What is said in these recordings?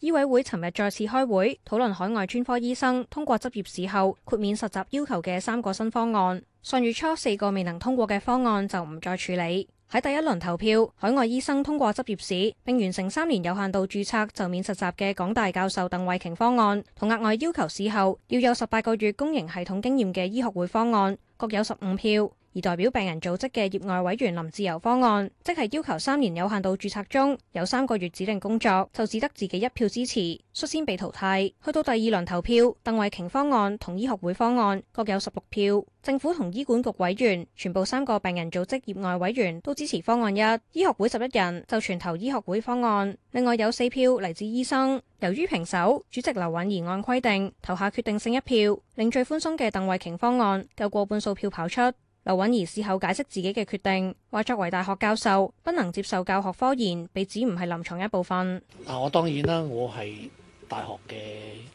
醫委會尋日再次開會討論海外專科醫生通過執業試後豁免實習要求嘅三個新方案。上月初四個未能通過嘅方案就唔再處理。喺第一輪投票，海外醫生通過執業試並完成三年有限度注冊就免實習嘅港大教授鄧惠瓊方案，同額外要求試後要有十八個月公營系統經驗嘅醫學會方案，各有十五票。而代表病人組織嘅業外委員林志釉方案，即係要求三年有限度註冊中有三個月指定工作，就只得自己一票支持，率先被淘汰。去到第二輪投票，鄧惠瓊方案同醫學會方案各有十六票。政府同醫管局委員全部三個病人組織業外委員都支持方案一，醫學會十一人就全投醫學會方案，另外有四票嚟自醫生。由於平手，主席劉允怡按規定投下決定性一票，令最寬鬆嘅鄧惠瓊方案夠過半數票跑出。劉允怡事後解釋自己嘅決定，話作為大學教授，不能接受教學科研被指唔係臨床一部分。嗱，我當然啦，我係大學嘅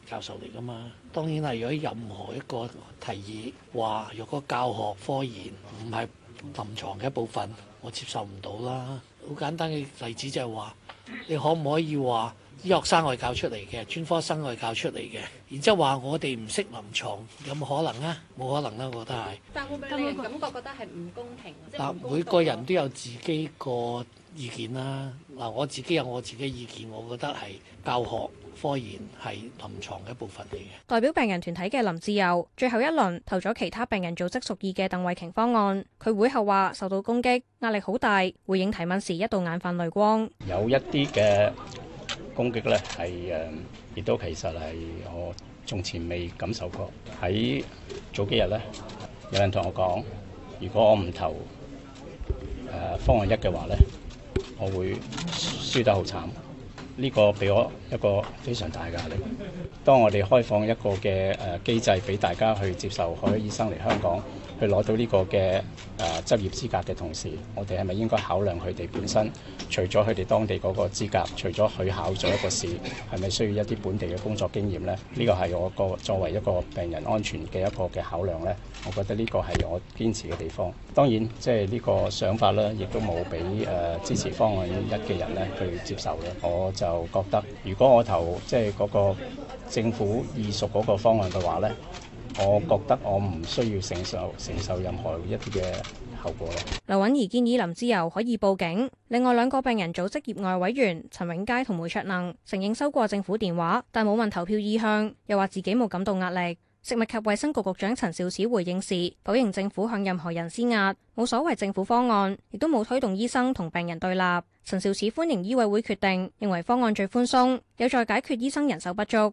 教授嚟㗎嘛，當然係如果任何一個提議話，若果教學科研唔係臨床嘅一部分，我接受唔到啦。好簡單嘅例子就係話，你可唔可以話？醫學生外教出嚟嘅，專科生外教出嚟嘅，然之後話我哋唔識臨床，有冇可能啊？冇可能啦，我覺得係。但我感覺覺得係唔公平？嗱，每個人都有自己個意見啦。嗱，我自己有我自己嘅意見，我覺得係教學、科研係臨床嘅一部分嚟嘅。代表病人團體嘅林志釉，最後一輪投咗其他病人組織屬意嘅鄧惠瓊方案。佢會後話受到攻擊，壓力好大，回應提問時一度眼泛淚光。有一啲嘅。攻擊咧係誒，亦、嗯、都其實係我從前未感受過。喺早幾日咧，有人同我講，如果我唔投誒、呃、方案一嘅話咧，我會輸得好慘。呢、這個俾我一個非常大嘅壓力。當我哋開放一個嘅誒機制俾大家去接受海外醫生嚟香港。去攞到呢個嘅誒、呃、執業資格嘅同時，我哋係咪應該考量佢哋本身，除咗佢哋當地嗰個資格，除咗佢考咗一個試，係咪需要一啲本地嘅工作經驗呢？呢、呢個係我個作為一個病人安全嘅一個嘅考量呢。我覺得呢個係我堅持嘅地方。當然，即係呢個想法咧，亦都冇俾誒支持方案一嘅人呢去接受嘅。我就覺得，如果我投即係嗰個政府意屬嗰個方案嘅話呢。我覺得我唔需要承受承受任何一啲嘅後果咯。劉允怡建議林志釉可以報警。另外兩個病人組織業外委員陳永佳同梅卓能承認收過政府電話，但冇問投票意向，又話自己冇感到壓力。食物及衛生局局長陳肇始回應時否認政府向任何人施壓，冇所謂政府方案，亦都冇推動醫生同病人對立。陳肇始歡迎醫委會決定，認為方案最寬鬆，有助解決醫生人手不足。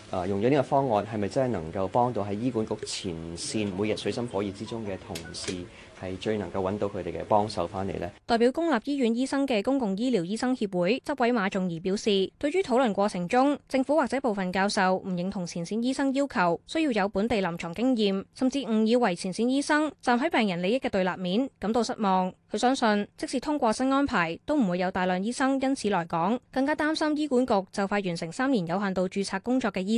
啊！用咗呢個方案係咪真係能夠幫到喺醫管局前線每日水深火熱之中嘅同事，係最能夠揾到佢哋嘅幫手翻嚟呢？代表公立醫院醫生嘅公共醫療醫生協會執委馬仲儀表示，對於討論過程中政府或者部分教授唔認同前線醫生要求需要有本地臨床經驗，甚至誤以為前線醫生站喺病人利益嘅對立面，感到失望。佢相信，即使通過新安排，都唔會有大量醫生因此來港，更加擔心醫管局就快完成三年有限度註冊工作嘅醫。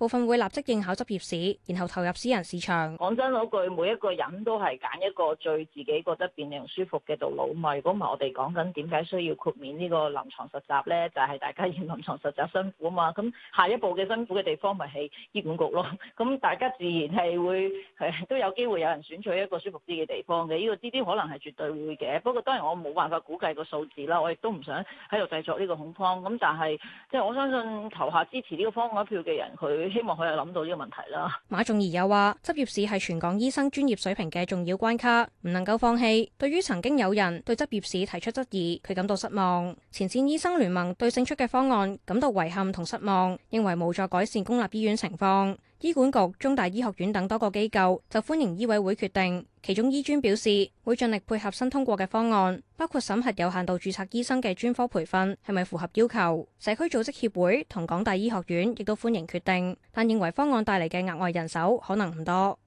部分會立即應考執業試，然後投入私人市場。講真嗰句，每一個人都係揀一個最自己覺得便利同舒服嘅道路。咪，如果唔係我哋講緊點解需要豁免呢個臨床實習呢？就係、是、大家要臨床實習辛苦啊嘛。咁下一步嘅辛苦嘅地方咪係醫管局咯。咁大家自然係會誒都有機會有人選取一個舒服啲嘅地方嘅。呢、這個啲啲可能係絕對會嘅。不過當然我冇辦法估計個數字啦。我亦都唔想喺度製作呢個恐慌。咁但係即係我相信投下支持呢個方案票嘅人，佢。希望佢係諗到呢個問題啦。馬仲儀又話，執業試係全港醫生專業水平嘅重要關卡，唔能夠放棄。對於曾經有人對執業試提出質疑，佢感到失望。前線醫生聯盟對勝出嘅方案感到遺憾同失望，認為無助改善公立醫院情況。醫管局、中大醫學院等多個機構就歡迎醫委會決定，其中醫專表示會盡力配合新通過嘅方案，包括審核有限度註冊醫生嘅專科培訓係咪符合要求。社區組織協會同港大醫學院亦都歡迎決定，但認為方案帶嚟嘅額外人手可能唔多。